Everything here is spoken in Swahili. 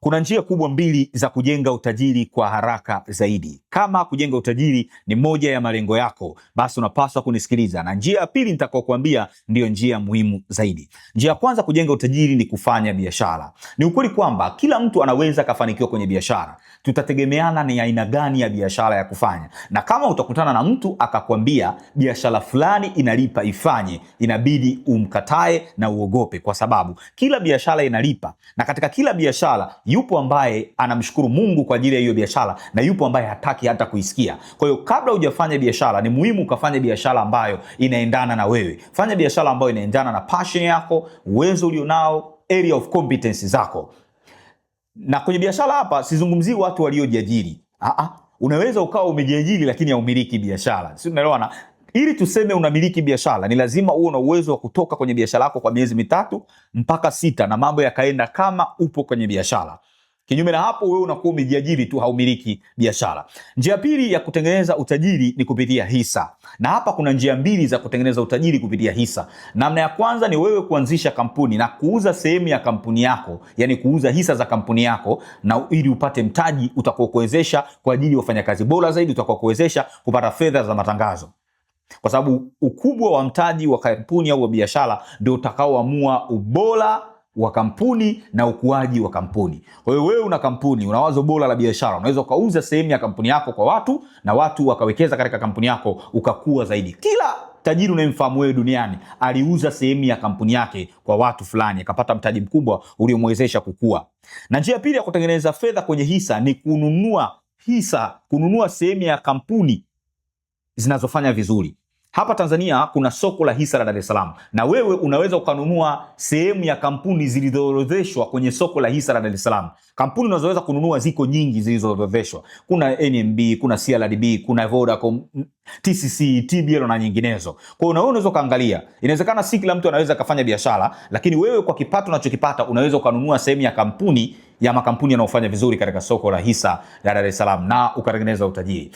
Kuna njia kubwa mbili za kujenga utajiri kwa haraka zaidi. Kama kujenga utajiri ni moja ya malengo yako, basi unapaswa kunisikiliza, na njia ya pili nitakayokuambia ndiyo njia muhimu zaidi. Njia ya kwanza kujenga utajiri ni kufanya biashara. Ni ukweli kwamba kila mtu anaweza akafanikiwa kwenye biashara, tutategemeana ni aina gani ya biashara ya kufanya. Na kama utakutana na mtu akakwambia biashara fulani inalipa ifanye, inabidi umkatae na uogope, kwa sababu kila biashara inalipa, na katika kila biashara yupo ambaye anamshukuru Mungu kwa ajili ya hiyo biashara na yupo ambaye hataki hata kuisikia. Kwa hiyo kabla hujafanya biashara, ni muhimu ukafanya biashara ambayo inaendana na wewe. Fanya biashara ambayo inaendana na passion yako, uwezo ulionao, area of competence zako. Na kwenye biashara hapa sizungumzii watu waliojiajiri. Ah, ah. Unaweza ukawa umejiajiri lakini haumiliki biashara, si unaelewana? Ili tuseme unamiliki biashara, ni lazima uwe na uwezo wa kutoka kwenye biashara yako kwa miezi mitatu mpaka sita, na mambo yakaenda kama upo kwenye biashara. Kinyume na hapo, wewe unakuwa umejiajiri tu, haumiliki biashara. Njia pili ya kutengeneza utajiri ni kupitia hisa, na hapa kuna njia mbili za kutengeneza utajiri kupitia hisa. Namna ya kwanza ni wewe kuanzisha kampuni na kuuza sehemu ya kampuni yako, yani kuuza hisa za kampuni yako, na ili upate mtaji utakuokuwezesha kwa ajili ya wafanyakazi bora zaidi, utakuokuwezesha kupata fedha za matangazo kwa sababu ukubwa wa mtaji wa kampuni au wa biashara ndio utakaoamua ubora wa kampuni na ukuaji wa kampuni. Kwa hiyo wewe una kampuni, una wazo bora la biashara, unaweza ukauza sehemu ya kampuni yako kwa watu na watu wakawekeza katika kampuni yako ukakua zaidi. Kila tajiri unayemfahamu wewe duniani aliuza sehemu ya kampuni yake kwa watu fulani, akapata mtaji mkubwa uliomwezesha kukua. Na njia pili ya kutengeneza fedha kwenye hisa ni kununua hisa, kununua sehemu ya kampuni zinazofanya vizuri. Hapa Tanzania kuna soko la hisa la Dar es Salaam, na wewe unaweza ukanunua sehemu ya kampuni zilizoorodheshwa kwenye soko la hisa la Dar es Salaam. Kampuni unazoweza kununua ziko nyingi zilizoorodheshwa, kuna NMB, kuna CRDB, kuna Vodacom, TCC, TBL na nyinginezo. Kwa hiyo unaweza ukaangalia, inawezekana si kila mtu anaweza akafanya biashara, lakini wewe kwa kipato unachokipata unaweza ukanunua sehemu ya kampuni ya makampuni yanayofanya vizuri katika soko la hisa la Dar es Salaam na ukatengeneza utajiri.